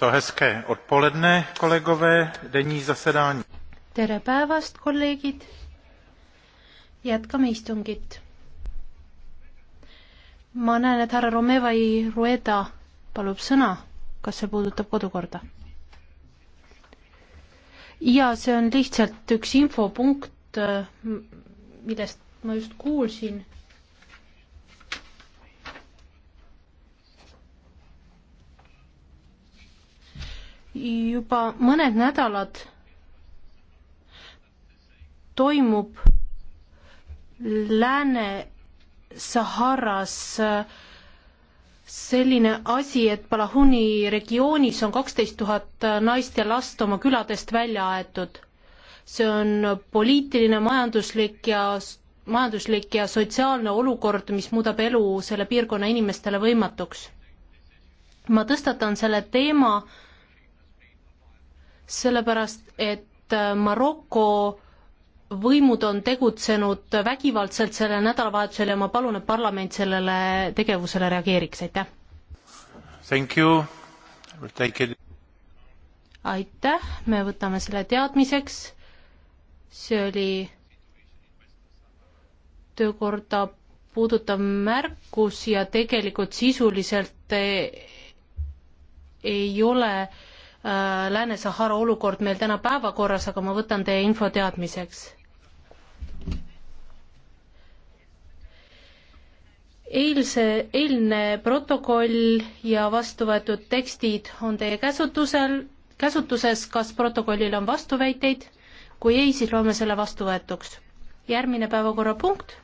So hezké odpoledne, kolegové, denní zasedání. tere päevast, kolleegid. jätkame istungit. ma näen, et härra Romevai Rueda palub sõna. kas see puudutab kodukorda? ja see on lihtsalt üks infopunkt, millest ma just kuulsin juba mõned nädalad toimub Lääne-Saharas äh, selline asi, et Palahuni regioonis on kaksteist tuhat naist ja last oma küladest välja aetud. see on poliitiline, majanduslik ja, majanduslik ja sotsiaalne olukord, mis muudab elu selle piirkonna inimestele võimatuks. ma tõstatan selle teema äh, sellepärast et äh, Maroko võimud on tegutsenud vägivaldselt sellel nädalavahetusel ja ma palun, et parlament sellele tegevusele reageeriks, aitäh. aitäh, me võtame selle teadmiseks. see oli töökorda puudutav märkus ja tegelikult sisuliselt äh, ei ole äh, Äh, Lääne-Sahara olukord meil täna päevakorras, aga ma võtan teie info teadmiseks. eilse, eilne protokoll ja vastu võetud tekstid on teie käsutusel, käsutuses, kas protokollil on vastuväiteid? kui ei, siis loeme selle vastuvõetuks. järgmine päevakorrapunkt